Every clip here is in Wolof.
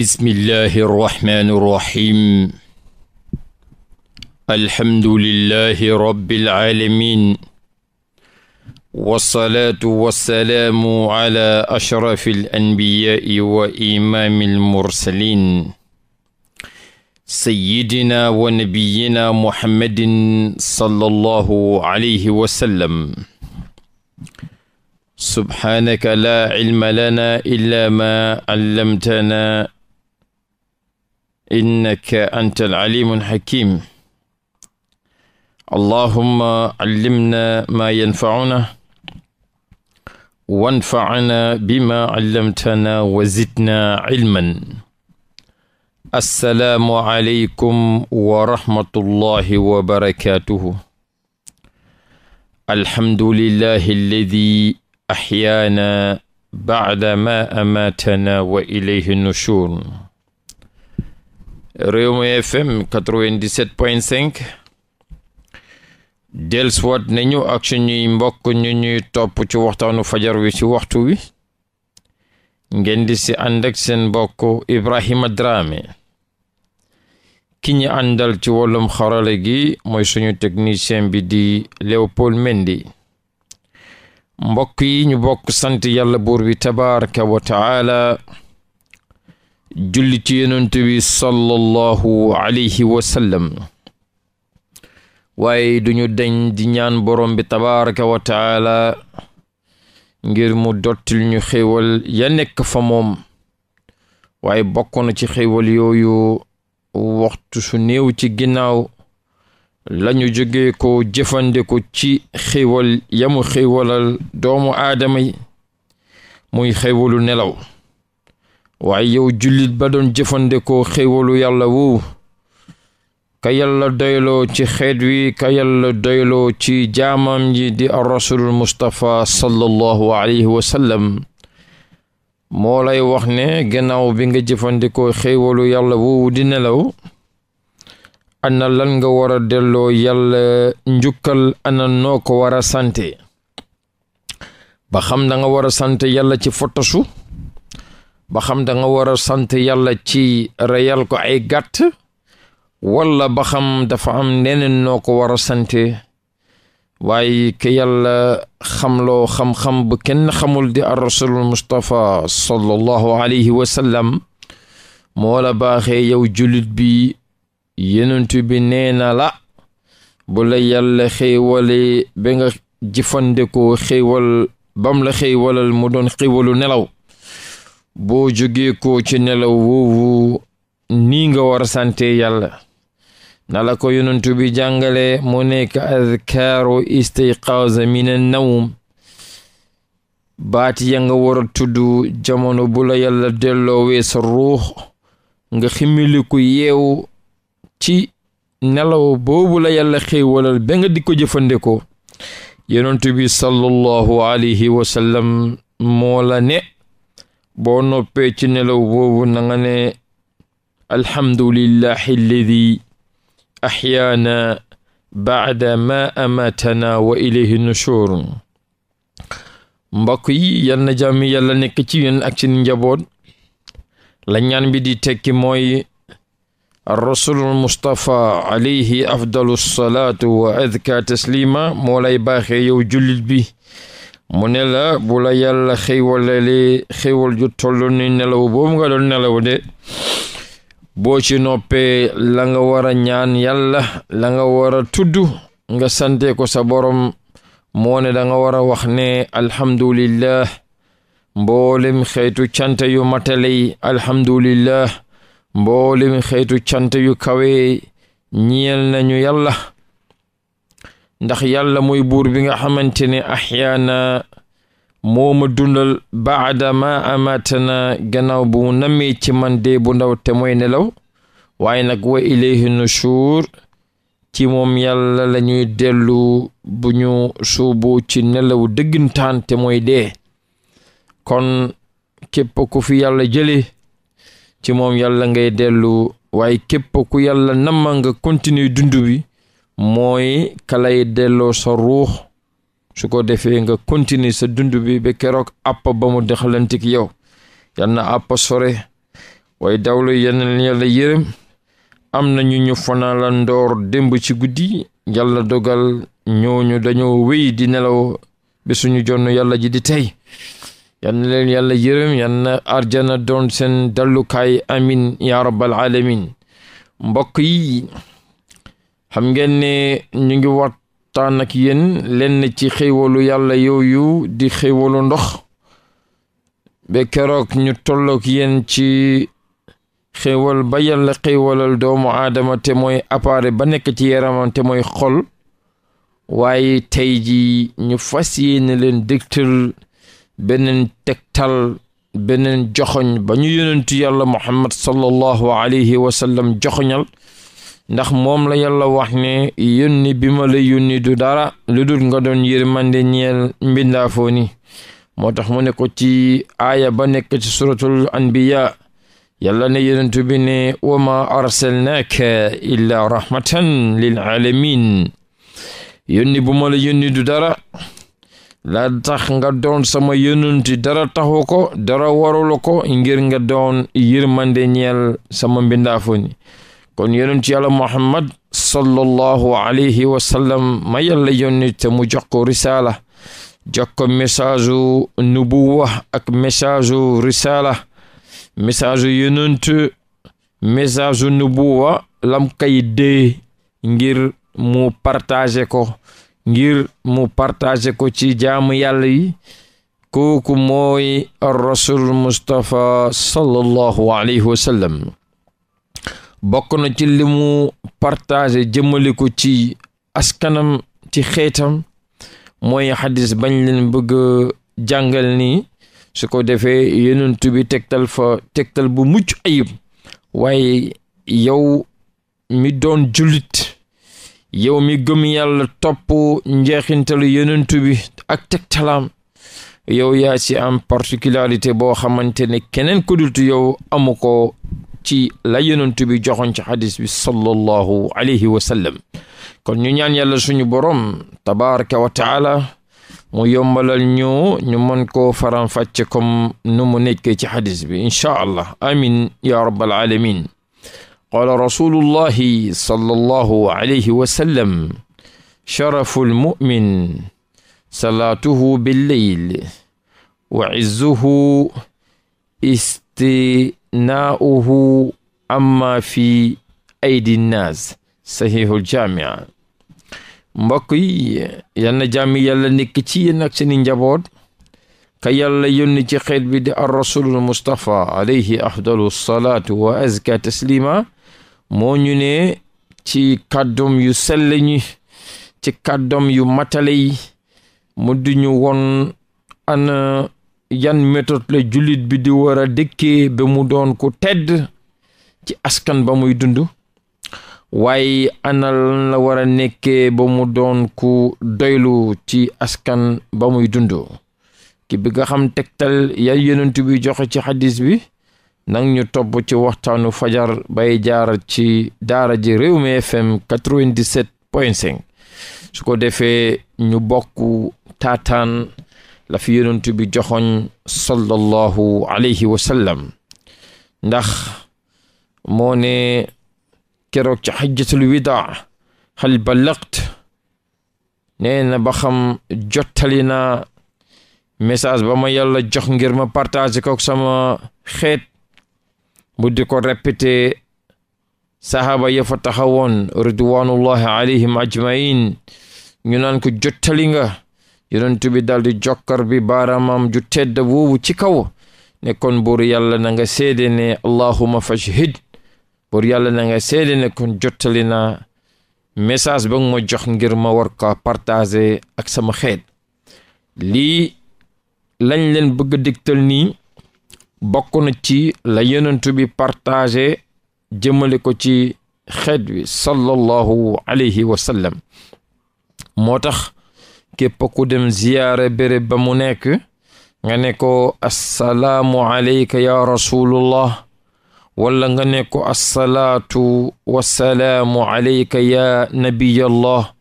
bismillahi irrahmani irrahim alhamdulillahi rabbil alamin wassalaatu wassalaamu ala ashrafi alanbiyaai wa imaami almursalin sayyidina wa nabiyina muhammadin sallallahu alayhi wa sallam subhaanaka laa cilma lana illa ma allamtana innaka anta alalimu alxakim allahuma callimna maa yanfacuna wanfacna bima callamtana wa zidna cilman assalaamu aleykum wa rahmatullahi wa barakatuhu alhamdulillahi alladi axyaana bacda ma amaatana wa ilayhi nushur Rewmi FM 97.5 delswat nañu ak suñuy mbokk ñu ñuy topp ci waxtaanu fajar wi ci waxtu wi ngeen di si ànd seen mbokk Ibrahima Dramé ki ñu àndal ci wàllum xarala gi mooy suñu technicien bi di Léopold Mendy mbokk yi ñu bokk sant yàlla buur wi tabaraka wa julli ci yonent bi sallallahu alayhi wa waaye duñu dañ di ñaan borom bi tabaraka wa taala ngir mu dottil ñu xéewal ya nekk fa moom waaye bokk na ci xéewal yooyu waxtu su néew ci ginnaaw lañu jóge ko jëfandiko ci xéewal ya mu doomu aadama yi muy xéewalu nelaw waaye yow jullit ba doon jëfandikoo xéewalu yàlla wu ka yàlla doyloo ci xeet wi ka yàlla doyloo ci jaamam ji di rasulul mustapha sallallahu alayhi wa sallam moo lay wax ne gannaaw bi nga jëfandikoo xéewalu yàlla wu di nelaw ana lan nga war a delloo yalla njukkal ana noo ko war a sante ba xam da nga war a sante yàlla ci fottasu ba xam da nga war a sant yàlla ci reyal ko ay gàtt walla ba xam dafa am neneen noo ko war a sante waaye ke yàlla xamloo xam-xam bu kenn xamul di ar rasulul mustapha sallallahu alayhi wa sallam moo la baaxee yow jullit bi yenentu nee na la bu la yàlla xéewale ba nga jëfandikoo xéewal bam la xéewalal mu doon xéewalu nelaw boo jógee ko ci nelaw woowu nii nga war a sante yàlla na la ko yonentu bi jàngale mu nekk azkaaru istiqaaza min annawm baati ya nga war a tudd jamono bu la yàlla delloowee sa ruux nga ximiliku yeew ci nelaw boobu la yàlla xéewalal ba nga di jëfandikoo yonentu bi sallallahu alayhi wa sallam la ne boo noppee ci nelaw woowu na nga ne alhamdulillahi alladi axyaana baada ma amatana wa ilayhi nushur mbokk yi yal na jàmm yàlla nekk ci yéen ak ci njaboot la ñaan bi di tekki mooy rasulul mustapha alayhi afdalu salaatu wa adka taslima moo lay baaxee yow jullit bi mu ne la bu la yàlla xéewalale xéewal ju toll ni nelaw boobu nga doon nelaw de boo ci noppee la nga war a ñaan yàlla la nga war a tudd nga sante ko sa borom moo ne da nga war a wax ne alhamdulillah mboolem xeetu cant yu mataley alhamdulillah mboolem xeetu cant yu kawe ñeel nañu yàlla ndax yàlla mooy buur bi nga xamante ne axyaana moo ma dundal baada ma amaatana gannaaw bu namee ci man dee bu ndaw te mooy nelaw waaye nag wa ilayhi nushur ci moom yàlla lañuy dellu bu ñu suubu ci nelaw dëggantaan te mooy dee kon képp ku fi yàlla jële ci moom yàlla ngay dellu waaye képp ku yàlla nama nga continue dund bi mooy kalay delloo sa ruux su ko defee nga continuer sa dund bi ba keroog àpp ba mu dexalantik yow yal na àpp sore waaye dawlu yenn yàlla yërëm am na ñu ñu fanaa la démb ci guddi yàlla dogal ñooñu dañoo wéy di nelaw bi suñu jonn yàlla ji di tey yal leen yàlla yërëm yal na arjana doon seen dallukaay amin ya rabbal mbokk yi xam ngeen ne ñu ngi waxtaan ak yéen lenn ci xéewalu yàlla yooyu di xéewalu ndox ba keroog ñu tollook yéen ci xéewal ba yàlla xéewalal doomu aadama te mooy appareil ba nekk ci yaramam te mooy xol waaye tey ji ñu fas yéene leen dégtal beneen tegtal beneen joxoñ ba ñu yonentu yàlla muhammad sallallahu alayhi wa joxoñal ndax moom la yàlla wax ne yónni bi ma la du dara lu dul nga doon yërmande ñeel mbindaafoo ni moo tax mu ne ko ci aaya ba nekk ci suratul anbiya yàlla ne yonent bi ne wa ma arsalnaaka illaa rahmatan lil alamin yónni bu ma la du dara la tax nga doon sama yónanti dara taxu ko dara warulu ko ngir nga doon yërmande ñeel sama mbindaafoo ni kon yonent yàlla muhammad sallallahu alayhi wa ma yàlla yónni te mu jox ko risaala jox ko message u nubuwa ak message u risaala message u yonent message u nubuwa lam kay dee ngir mu partager ko ngir mu partager ko ci jaamu yàlla yi kooku mooy ar rasul mustapha sallallahu alayhi bokk na ci limu mu partagé jëmale ko ci askanam ci xeetam mooy xadis bañ leen bëgg jàngal nii su ko defee yonent bi tegtal fa tegtal bu mucc ayib waaye yow mi doon julit yow mi gëm yàlla topp njeexintalu yonent bi ak tegtalaam yow yaa ci am particularité boo xamante ne keneen ku dul yow amu ko ci la yonent bi joxoon ci xadis bi sallallahu alayhi wa sallam kon ñu ñaan yàlla suñu borom tabaraka wa taala mu yombalal ñu ñu mën koo faram fàcce comme nu mu nekkee ci xadis bi inchaa allah amin ya rabbal alamin qaala rasulullahi sallallahu alayhi wa sallam sharaful mu'min salaatuhu billeyl wa izzuhu isti naa'uhu amma fi aydi naas saxiixul jaamia mbokk yi yal na jàmmi yàlla nekk ci yéen ak seeni njaboot ka yàlla yónni ci xeet bi di ar rasulul mustapha alayhi wa azka taslima moo ñu ne ci kàddoom yu sell ñi ci kàddoom yu matale yi mu duñu yan méthode la jullit bi di war a dëkkee ba mu doon ku tedd ci askan ba muy dund waaye ana lan la war a nekkee ba mu doon ku doylu ci askan ba muy dund ki bi nga xam tegtal ya yonent bi joxe ci xadis bi nang ñu topp ci waxtaanu fajar bay jaar ci daara ji Rewmi FM 97 point 5 su ko defee ñu bokk taataan la fi yonent bi joxoñ sallallahu alayhi wa ndax moo ne keroog ci xajjatul widaa hal ballagt nee na ba xam jottali naa message ba ma yàlla jox ngir ma partager kook sama xeet bu di ko répété sahaba ya fa taxawoon ridwanullahi alayhim ajmain ñu naan ko nga yonent bi daldi jokkar bi baaraamam ju tedd woowu ci kaw ne kon buur yàlla nanga nga seede ne allahuma fashhid buur yàlla na nga seede ne kon jottali naa message ba ma jox ngir ma war ko partager ak sama xeet lii lañ leen bëgg a digtal nii bokk na ci la yonent bi partager jëmale ko ci xeet wi sallallahu alayhi wa moo tax képp ku dem ziyaare béréb ba mu nekk nga ne ko assalaamu aleyka ya rasulullah wala nga ne ko assalaatu wassalaamu aleyka ya nabiyallah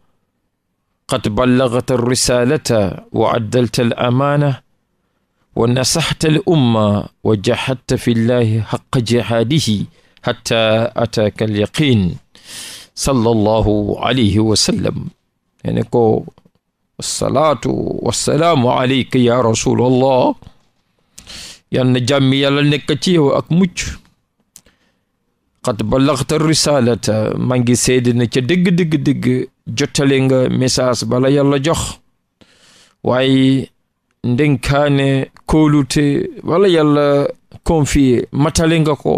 qad ballagta risalata wa addalta al amaana wa nasaxta al umma wa jahadta fi llahi xaqa jihaadihi xatta ataaka al yaqin sallallahu alayhi wa sallam ne ko wassalaatu wassalaamu alayka ya rasulallah yal na jàmmi yàlla nekk ci yow ak mucc xat balaxta risalata maa ngi seede na ca dëgg-dëgg-dëgg jottale nga message bala yàlla jox waaye ndenkaane kóolute wala yàlla confier matale nga ko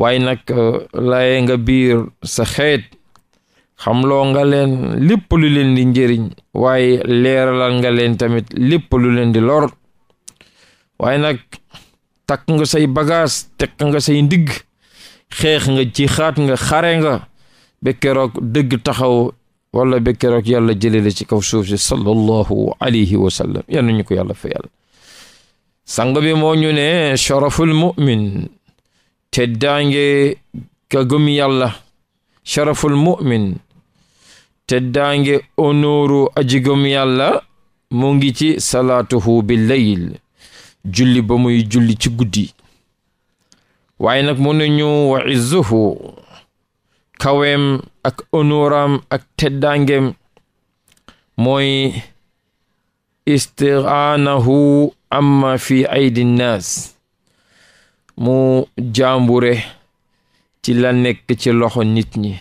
waaye nag euh, laye nga biir sa xeet xamloo nga leen lépp lu leen di njëriñ waaye leeralal nga leen tamit lépp lu leen di lor waaye nag takk nga say bagaas tekk nga say ndigg xeex nga jixaat nga xare nga ba keroog dëgg taxaw wala ba keroog yàlla jëlee la ci kaw suuf si sallallahu alayhi wa sallam yal ko yàlla fa yàlla sang bi moo ñu mu'min teddaange ka gëm yàlla sharaful mu'min teddaange onooru ajigom yàlla mu ngi ci salaatuhu bi julli ba muy julli ci guddi waaye nag mu ne ñu wa izzuhu kaweem ak onooram ak teddaangeem mooy istighanahu amma fi aydi nnaas mu jaambure ci la nekk ci loxo nit ñi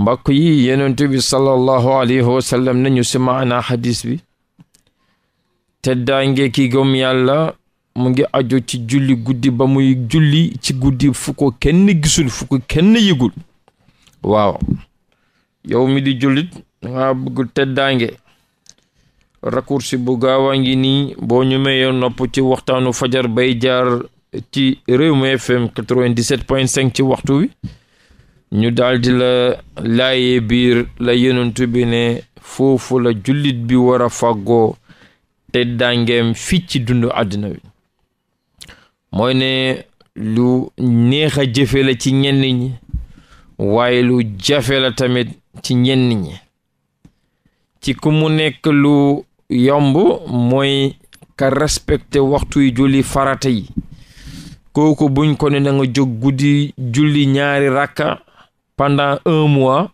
mbokk yi yonent bi sallallahu alayhi nañu si maanaa xadis bi teddaange ki gëm yàlla mu ngi aju ci julli guddi ba muy julli ci guddi fu kenn gisul fu ko kenn yëgul waaw yow mi di jullit dangaa bëgg teddaange raccourci bu gaawaa ngi boo ñu mayee nopp ci waxtaanu fajar bay jaar ci Rewmi FM 97.5 ci waxtu wi ñu daldi di la laayee biir la yenentu bi ne foofu la jullit bi war a fàggoo te dàngeem fii ci dundu àddina bi mooy ne lu neexa jëfe la ci ñenn ñi waaye lu jafe la tamit ci ñenn ñi ci ku mu nekk lu yomb mooy ka respecté waxtu yu julli farata yi kooku buñ ko ne na nga jóg guddi julli ñaari rakka pendant un mois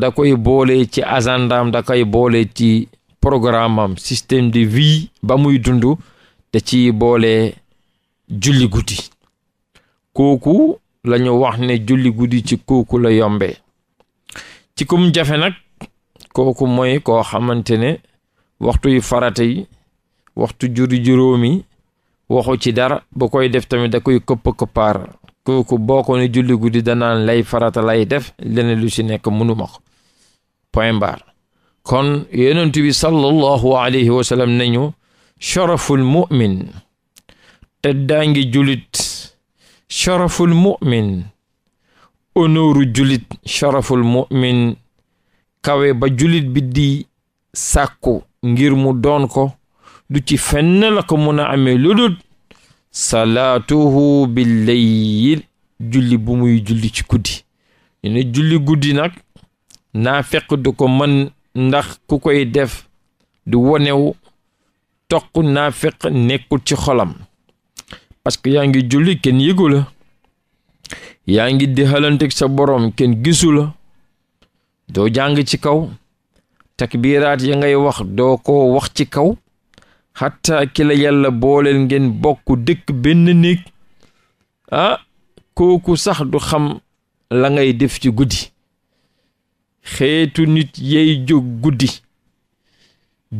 da koy boole ci agendaam dakoy boole ci programme am système de vie ba muy dund te ci boole julli guddi kooku lañu wax ne julli guddi ci kooku la yombe ci kum jafe nag kooku mooy koo xamante ne waxtuy yu waxtu juri juróomi waxu ci dara bu koy def tamit da koy këpp këppaar kooku boo ko ne julli guddi danaan lay farata lay def leneen lu ci nekk mënuma ko point kon yonent bi alayhi wa nañu sharaful mu'min teddaangi julit sharaful mu'min honoru julit sharaful mu'min kawe ba julit bi di sàkku ngir mu doon ko du ci fenn la ko mun a amee lu salaatu salaatuhu bil julli bu muy julli ci guddi ñu ne julli guddi nag naa fekk du ko man ndax ku koy def du wonew toq naa fekk nekkul ci xolam parce que yaa ngi julli kenn yëgu yaa ngi dexalanteeg sa boroom kenn gisu doo jàng ci kaw takbiraat ya ngay wax doo ko wax ci kaw xatta ki la yàlla booleel ngeen bokk dëkk benn néeg ah kooku sax du xam la ngay def ci guddi xeetu nit yey jóg guddi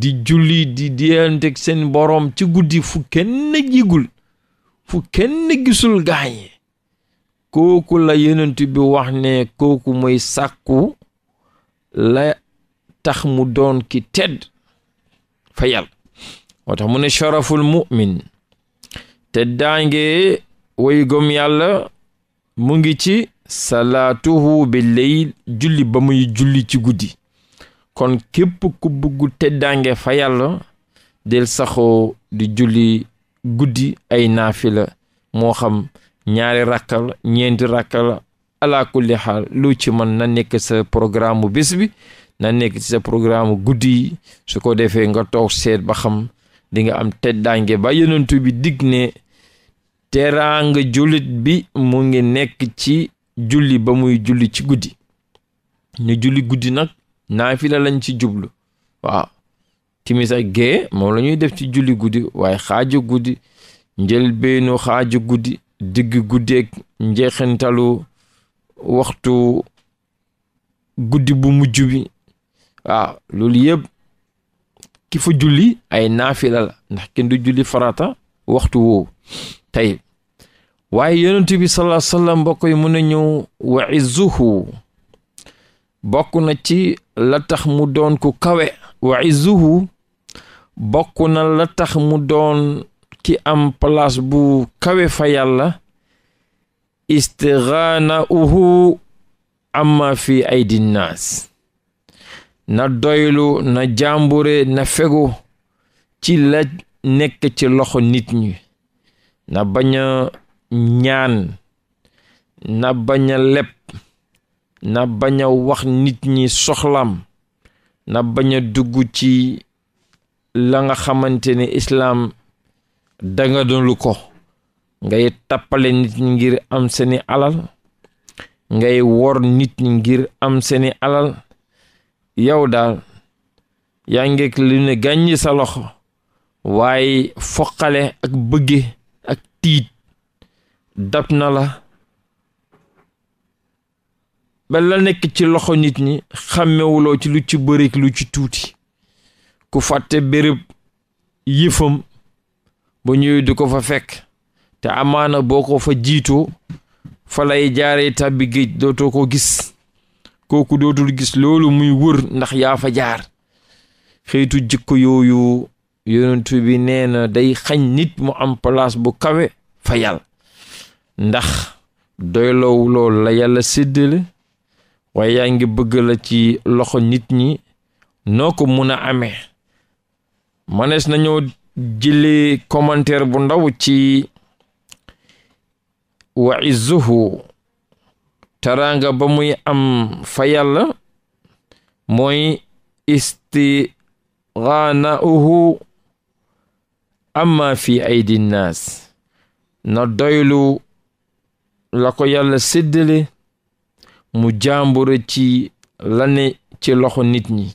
di julli di deyanteeg seen boroom ci guddi fu kenn jigul fu kenn gisul gaañe kooku la yenentu bi wax ne kooku moy sàkku la tax mu doon ki tedd fa yàlla moo tax mu ne sharaful mu'min te daange way gom yàlla mu ngi ci salaatuhu bi leyl julli ba muy julli ci guddi kon képp ku bugg fa yàlla del saxoo di julli guddi ay naafila moo xam ñaari rakkal ñeenti rakkal ala kulli xaal lu ci mën na nekk sa programme bés bi na nekk ci sa programme guddi yi su ko defee nga toog seet ba xam dinga am teddaange ba yonentu bi dig ne teraanga jullit bi mu ngi nekk ci julli ba muy julli ci guddi ñu julli guddi nag naafila lañ ci jublu waaw timis ak gée moom la def ci julli guddi waaye xaaju guddi njëlbeenu xaaju guddi digg guddeeg njeexintalu waxtu guddi bu mujj bi waaw loolu yëpp ki fa julli ay naafila la ndax kenn du julli farata waxtu woowu tey waaye yonent bi sallallahu alayhi wa sallam mbokk yi mun ñëw wa izzuhu bokk na ci la tax mu doon ku kawe wa izzuhu bokk na la tax mu doon ci am palaas bu kawe fa yàlla istighana uhu amma fi ay dinnaas na doylu na jàmbure na fegu ci la nekk ci loxo nit ñi na bañ a ñaan na bañ a leb na bañ a wax nit ñi soxlam na bañ a dugg ci la nga xamante ne islaam danga ko ngay tappale nit ñi ngir am seeni alal ngay wor nit ñi ngir am seeni alal yow daal yaa ngeeg li ne gàññi sa loxo waaye foqale ak bëgge ak tiit dab na la ba la nekk ci loxo nit ñi xàmmewuloo ci lu ci bërik lu ci tuuti ku fàtte béréb yëfam ba ñëwee di ko fa fekk te amaana boo ko fa jiitoo fa lay jaaree tàbbi géej dootoo ko gis kooku dootul gis loolu muy wër ndax yaa jaar xeetu jikko yooyu yonent bi neena day xañ nit mu am palaas bu kawe fa yàlla ndax doyloowu loolu la yàlla séddale waaye ngi bëgg la ci loxo nit ñi noo ko mun a amee manees nañoo jëlee komanteer bu ndaw ci wa izzuhu taraanga ba muy am fa yàlla mooy istighnaa'uhu amma fi aydi nnaas na doylu la ko yàlla séddale mu jàmbure ci lane ci loxo nit ñi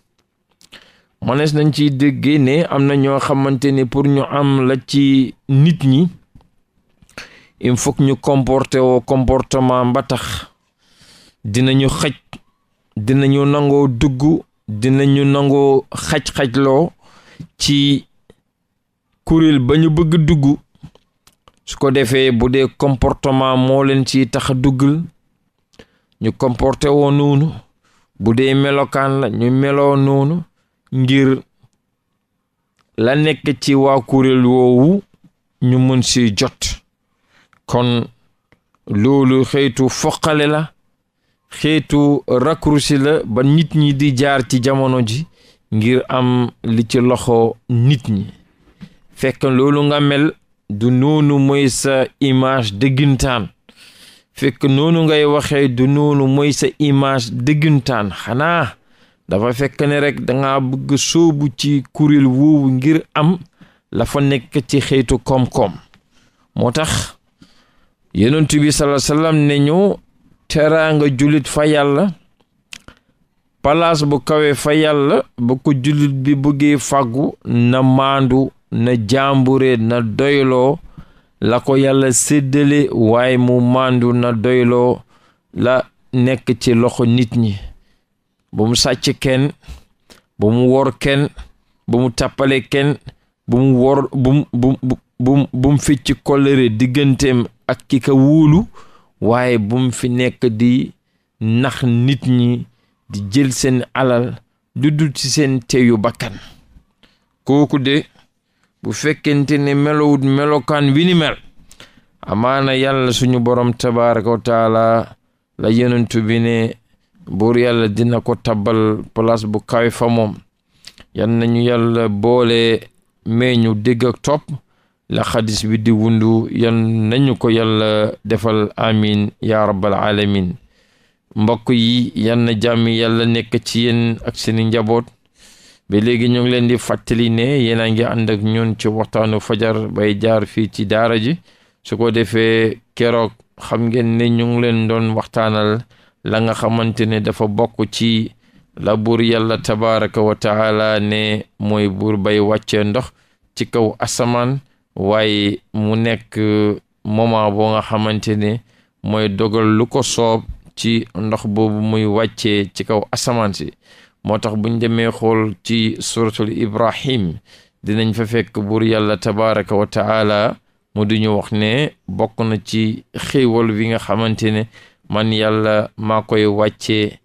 mënees nañ ci déggee ne am na ñoo xamante ne pour ñu am la ci nit ñi il faut ñu comporté woo comportement ba dinañu xaj dinañu nangoo dugg dinañu nangoo xaj-xajloo ci kuréel ba ñu bëgg dugg su ko defee bu dee comportement moo leen ci tax a ñu comporté woo noonu bu dee melokaan la ñu meloo noonu ngir la nekk ci waa kuréel woowu ñu mën si jot kon loolu xëytu foqale la xeetu raccourci la ba nit ñi di jaar ci jamono ji ngir am li ci loxo nit ñi fekk loolu nga mel du noonu mooy sa image dëggintaan fekk noonu ngay waxee du noonu mooy sa image dëggintaan xanaa dafa fekk ne rekk danga bëgg sóobu ci kuréel woowu ngir am la fa nekk ci xeetu koom-koom moo tax yonent bi sallallahu alayhi wasallam teraanga jullit fa yàlla palaas bu kawe fa yàlla bu ko jullit bi bëggee fàggu na maandu na jaambure na doyloo la ko yàlla séddale waaye mu maandu na doyloo la nekk ci loxo nit ñi bu mu kenn bu mu wor kenn bu mu tàppale kenn bu mu wor bu mu bu digganteem ak ki waaye bum fi nekk di nax nit ñi di jël seen alal du dul ci seen teyu bakkan kooku de bu fekkente ne melowut melokaan wi ni na yàlla suñu borom tabaraka wa taala la yenentu bi ne buur yàlla dina ko tabal place bu kawe fa moom yan nañu yàlla boole meñu dégg ak topp la xadis wundu yan nañu ko yalla defal amin ya rabbal alamin mbokk yi yan na jàmm yàlla nekk ci yenn ak seeni njaboot ba léegi ñu ngi leen di fàttali ne yéen a ngi ànd ak ñun ci waxtaanu fajar bay jaar fii ci daara ji su ko defee keroog xam ngeen ne ñu ngi leen doon waxtaanal la nga xamante ne dafa bokk ci la buur yàlla tabaraka wa ne mooy buur bay wàccee ndox ci kaw asamaan waaye mu nekk euh, moment boo nga xamante ne mooy dogal lu ko soob ci ndox boobu muy wàccee ci kaw asamaan moo tax buñ demee xool ci suratul ibrahim dinañ fa fekk buur yàlla tabaraka wa taala mu duñu wax ne bokk na ci xéewal bi nga xamante ne man yàlla maa koy wàccee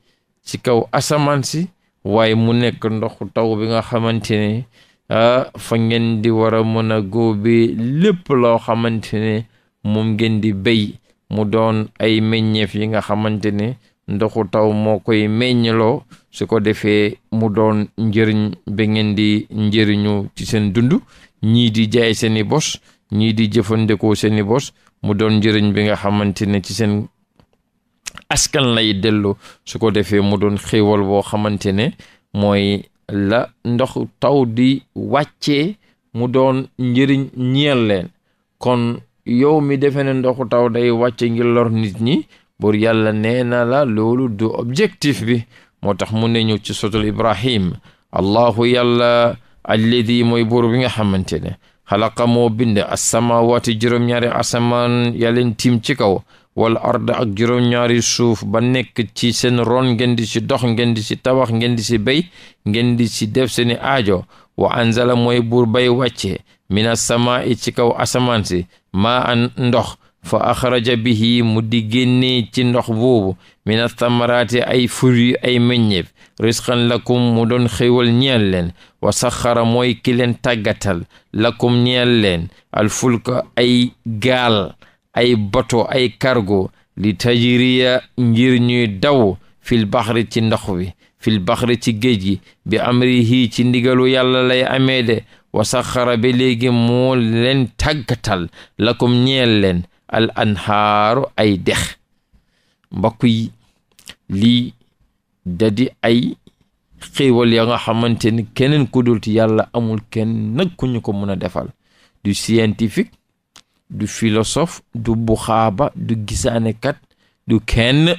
ci kaw asamaan si waaye mu nekk ndox taw bi nga xamante Ah, fa ngeen di war a mën a góobe lépp loo xamante ne moom ngeen di béy mu doon ay meññeef yi nga xamante ne ndoxu taw moo koy meññaloo su ko defee mu doon njëriñ ba ngeen di njëriñu seen dund ñii di jaay seeni bos ñii di jëfandikoo seeni bos mu doon njëriñ bi nga xamante ne ci seen askan lay dellu su ko defee mu doon xéewal boo xamante ne mooy la ndox taw di wàccee mu doon njëriñ ñeel kon yow mi defe ne ndoxu taw day wàcce ngir nit ñi buur yàlla nee na la loolu du objectif bi moo tax mun ne ñu ci sotul ibrahim allahu yàlla alladi mooy buur bi nga xamante ne xalaqa moo bind asamawaati juróom-ñaari asamaan yàlla tiim ci kaw wal ard ak juróom-ñaari suuf ba nekk ci seen ron ngeen di ci dox ngeen di ci tabax ngeen di ci bay ngeen di ci def seeni aajo wa anzala mooy buur bay wàcce mina sama i ci kaw asamaan si maa an ndox fa bi bihi mu di génnee ci ndox boobu mina thamaraati ay fur ay meññeef risqan lakum mu doon xéewal ñeel leen wa saxara mooy ki leen tàggatal lakum ñeel leen alfulka ay gaal ay bato ay kargo li tajiriya ngir ñuy daw fil baxri ci ndox wi fil baxri ci géej gi bi amrihi ci ndigalu yàlla lay amee de wa saxara ba léegi moo leen tàggatal lakom ñeel leen al anhaaru ay dex mbokk yi lii dadi ay xéewal ya nga xamante ni keneen ku dul ci yàlla amul kenn nag ko mën a defal du scientifique du philosophe du buxaaba du kat du kenn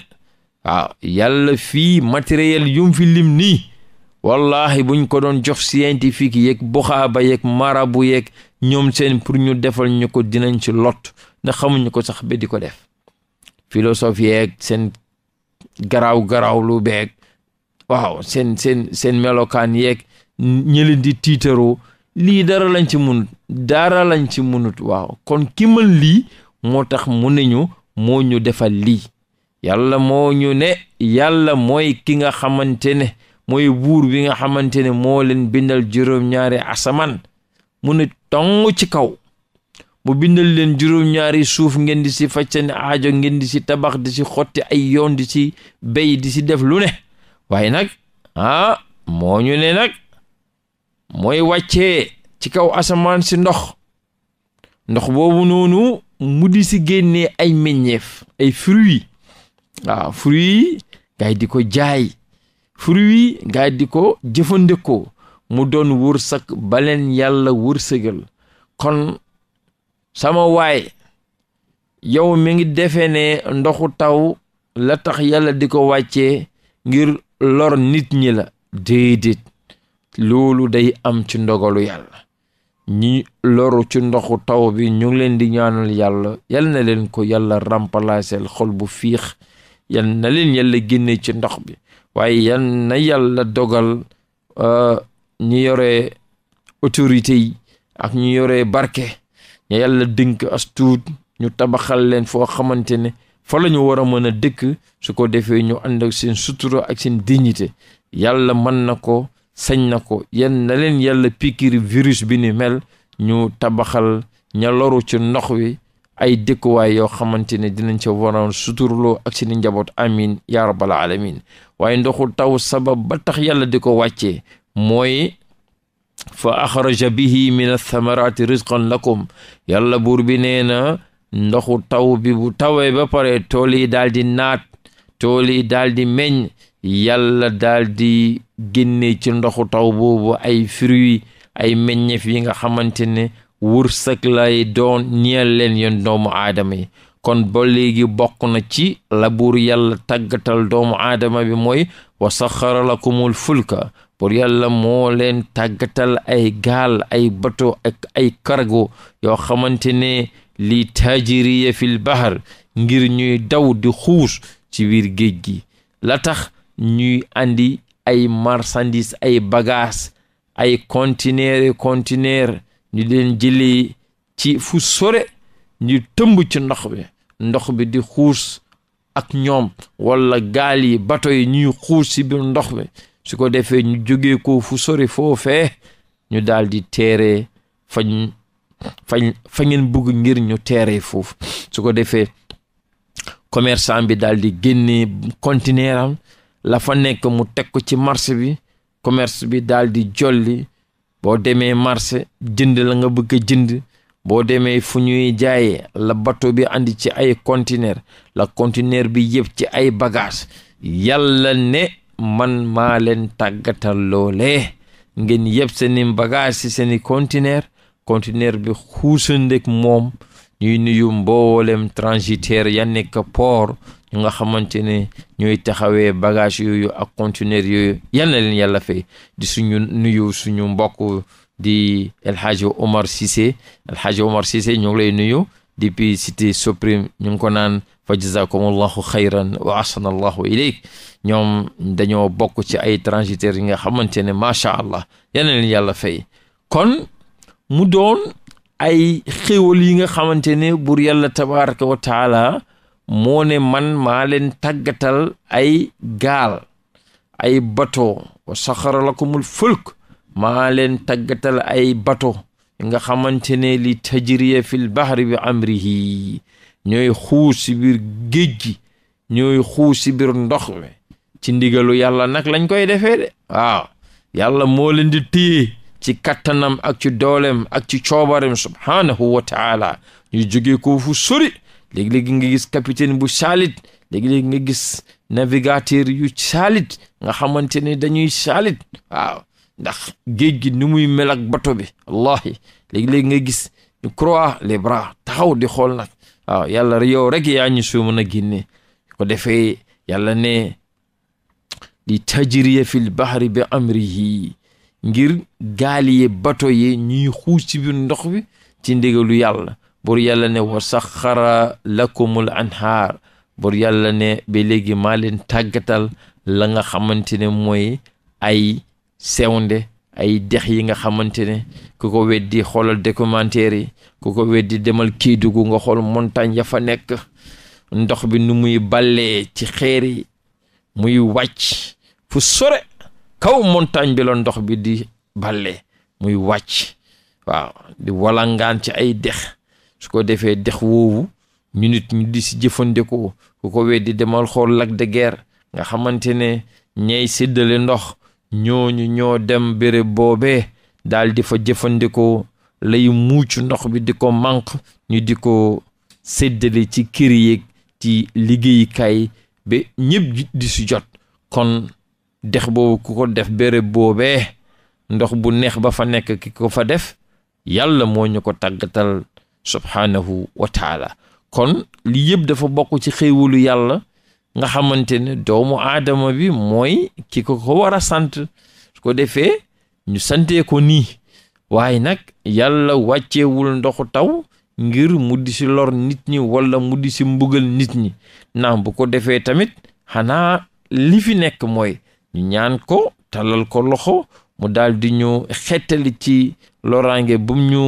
waaw yàlla fii matériel yum fi lim nii wallahi buñ ko doon jox scientifique yeeg buxaaba yeeg marabu yeeg ñoom seen pour ñu defal ñu ko dinañ ci lot na xamuñu ko sax ba ko def philosophie yeeg seen garaaw garaaw lu beeg waaw seen melokaan yeeg ñi tiitaroo lii dara lañ ci munut dara lañ ci munut waaw kon ki lii moo tax mu ne ñu moo ñu defal lii yàlla moo ñu ne yàlla mooy ki nga xamante ne mooy buur bi nga xamante ne moo leen bindal juróom-ñaari asamaan mu ne ci kaw mu bindal leen juróom-ñaari suuf ngeen di si faccani aajo ngeen di si tabax di si xotti ay yoon di si béy di si def lu ne waaye nag ah moo ñu ne nag mooy wàcce ci kaw asamaan si ndox ndox boobu noonu mu di si génnee ay meññeef ay fruits waaw fruits yi di ko jaay fruits yi di ko jëfandikoo mu doon wërsëg baleen yàlla wërsëgal kon sama waay yow mi ngi defe ne ndoxu taw la tax yàlla di ko wàcce ngir lor nit ñi la déedéet loolu day am ci ndogalu yàlla ñi loru ci ndoxu taw bi ñu leen di ñaanal yàlla yal na leen ko yàlla remplacer xol bu fiix yal na leen yàlla génne ci ndox bi waaye yal na yàlla dogal euh, ñu yore autorité yi ak ñu yore barke ñu yàlla dënk as ñu tabaxal leen foo xamante ne fa la ñu war a mën a dëkk su ko defee ñu ànd seen sutura ak seen dignité yàlla mën na ko sañ na ko yan na leen yàlla pikiir virus bi ni mel ñu tabaxal ña ci ndox wi ay dëkkuwaay yoo xamante ne dinañ ca waroon suturloo ak seeni njaboot amin yaa rabbal waaye ndoxu taw sabab ba tax yàlla di ko wàcce mooy fa axraja bihi min athamarati rizqan lakum yàlla buur bi nee na ndoxu taw bi tawee ba pare tool yi daal naat tool yi daal di meññ yàlla génnee ci ndoxu taw boobu ay fruits ay meññeef yi nga xamante ne wërsëg lay doon ñeel leen yéen doomu aadama yi kon ba léegi bokk na ci labuur buur yàlla tàggatal doomu aadama bi mooy wa saxara lakumul fulka pour yàlla moo leen tàggatal ay gaal ay bato ak ay cargo yoo xamante ne li taajiriya fil bahar ngir ñuy daw di xuus ci wiir géej gi ñuy andi ay marchandise ay bagaas ay conteneur kontineer ñu leen jëlee ci fu sore ñu tëmb ci ndox bi ndox bi di xuus ak ñoom wala gaal yi bato yi ñuy xuus ci biir ndox bi su ko defee ñu jógee ko fu sori foofee ñu daldi di teere fañ fañ fa ngeen bugg ngir ñu teere foofu su ko defee commerçant bi daldi génnee génne am la fa nekk mu teg ko ci marché bi commerce bi daal di jolli boo demee marché jënd la nga bëgg a jënd boo demee fu ñuy jaayee la bateau bi andi ci ay conteneur la conteneur bi yëpp ci ay bagage yàlla ne man maa leen tàggatal loolee ngeen yëpp seeni bagage ci seeni conteneur conteneur bi xuusandeg moom ñuy nuyu mboolem transitaire ya nekk poor ñu nga xamante ne ñu taxawee bagage yooyu ak conteneur yooyu yal na leen yàlla fay di suñu nuyu suñu mbokk di El Hadj Omar Cissé El Hadj ñu lay nuyu depuis cité Soprim ñu ngi ko naan fa jazakumullahu xayran wa ahsana allahu ilayk ñoom dañoo bokk ci ay transitaires yi nga xamante ne macha allah yal na leen yàlla fay kon mu doon ay xéwal yi nga xamante ne buur yàlla tabaraka wa moo man maa leen tàggatal ay gaal ay bato wa saxara lakumul fulk maa leen tàggatal ay bato nga xamante ne li tajriya fil bahri bi amrihi ñooy xuus si biir géej gi ñooy xuus si biir ndox mi ci ndigalu yàlla nag lañ koy defee de waaw yàlla moo leen di téye ci kattanam ak ci doolem ak ci coobareem subhaanahu wa taala ñu ko fu sori léegi-léegi nga gis capitaine bu saalit léegi-léegi nga gis navigateur yu saalit nga xamante ne dañuy saalit waaw ndax géej gi ni muy mel ak bato bi wallahi léegi-léegi nga gis ñu croix les bras taxaw di xool nag waaw yàlla yow rek yaa ñu soo mën a génne ko defee yàlla ne di tajriya fil bahri amri yi ngir gaal yi bato yi ñuy xuus ci biir ndox bi ci ndigalu yàlla bur yàlla ne wa saxara lakumul anhaar bur yàlla ne ba léegi maa leen tàggatal la nga xamante ne mooy ay sewnde ay dex yi nga xamante ne ku ko weddi xoolal documentaire yi ku ko weddi demal Kédougou nga xool montagne ya fa nekk ndox bi nu muy ballee ci xeer muy wàcc fu sore kaw montagne bi la ndox bi di balle muy wàcc waaw di walangaan ci ay dex su ko defee dex woowu ñu nit ñu di si jëfandikoo ku ko weddi demal xool lac de nga xamante ne ñay séddale ndox ñoo ñu ñoo dem béréb boobee daal di fa jëfandikoo lay muuc ndox bi di ko manq ñu di ko séddale ci kër yeeg ci liggéeyukaay ba ñépp di si jot kon dex boobu ku ko def bërëb boobee ndox bu neex ba fa nekk ki ko fa def yàlla moo ñu ko tàggatal subhaanahu wa taala kon li yëpp dafa bokk ci xéewalu yàlla nga xamante ne doomu aadama bi mooy ki ko ko a sant su ko defee ñu santee ko nii waaye nag yàlla wàccewul ndoxu taw ngir mu di si lor nit ñi walla mu di si mbugal nit ñi naam bu ko defee tamit xanaa li fi nekk mooy ñu ñaan ko talal ko loxo mu daal di ñu xettali ci loraange bum ñu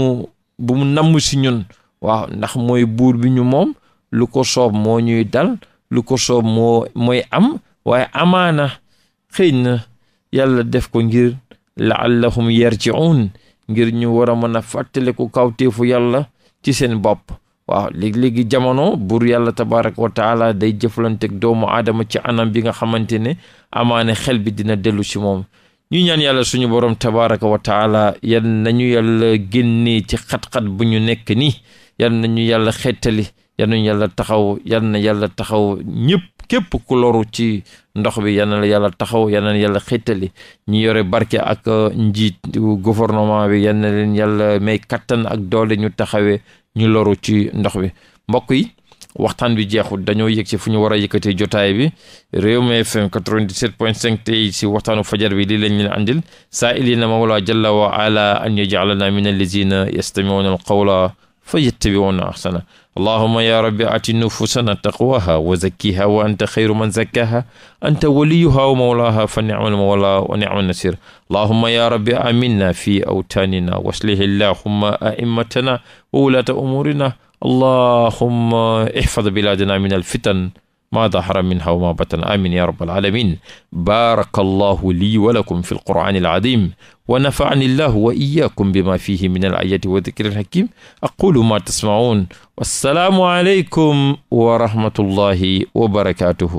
bu mu namm si ñun waaw ndax mooy buur bi ñu moom lu ko soob moo ñuy dal lu ko soob moo mooy am waaye amaana xëy na yàlla def ko ngir laallahum yarjiun ngir ñu war a mën a fàttale ko kawteefu yàlla ci seen bopp waaw léegi-léegi jamono buur yàlla tabaraka wa taala day jëflanteeg doomu aadama ci anam bi nga xamante ne amaana xel bi dina dellu si moom ñu ñaan yàlla suñu borom tabaraka wa taala yal nañu yàlla génnee ci xat-xat bu ñu nekk nii yal nañu yàlla xettali yal yàlla taxaw yal na yàlla taxaw ñëpp képp ku loru ci ndox bi yal na la yàlla taxaw yal na yàlla xettali ñu yore barke ak uh, njiit gouvernement bi yan na leen yàlla may kattan ak doole ñu taxawee ñu loru ci ndox bi mbokk yi waxtaan bi jeexul dañoo yëg ci fu ñu war a yëkkatee jotaay bi Rewmi FM 97.5 tey si waxtaanu fajar bi lii lañ leen andil saa ilina mawla jalla wa ala an yajalana min allazina yastamiuna alqawla fa yattabiuna ahsana allahuma ya rabbi ati nufusana taqwaha wa zakkiha wa anta xayru man zakkaha anta waliyuha wa mawlaha fa nicma almawla wa nicma nasir allahuma ya rabbi aminna fi awtanina waslih illahumma aimmatana wa wulata umurina allahumma ihfad biladana min alfitan ma dahara minha wa ma batan amin ya rabbal alamin baraka allahu lii wa lakum fi alqur'ani alazim wa nafa'ani allahu wa iyyakum bima fihi min alayati wa dhikri alhakim aqulu ma tasma'un wassalaamu alaykum wa rahmatullahi wa barakatuhu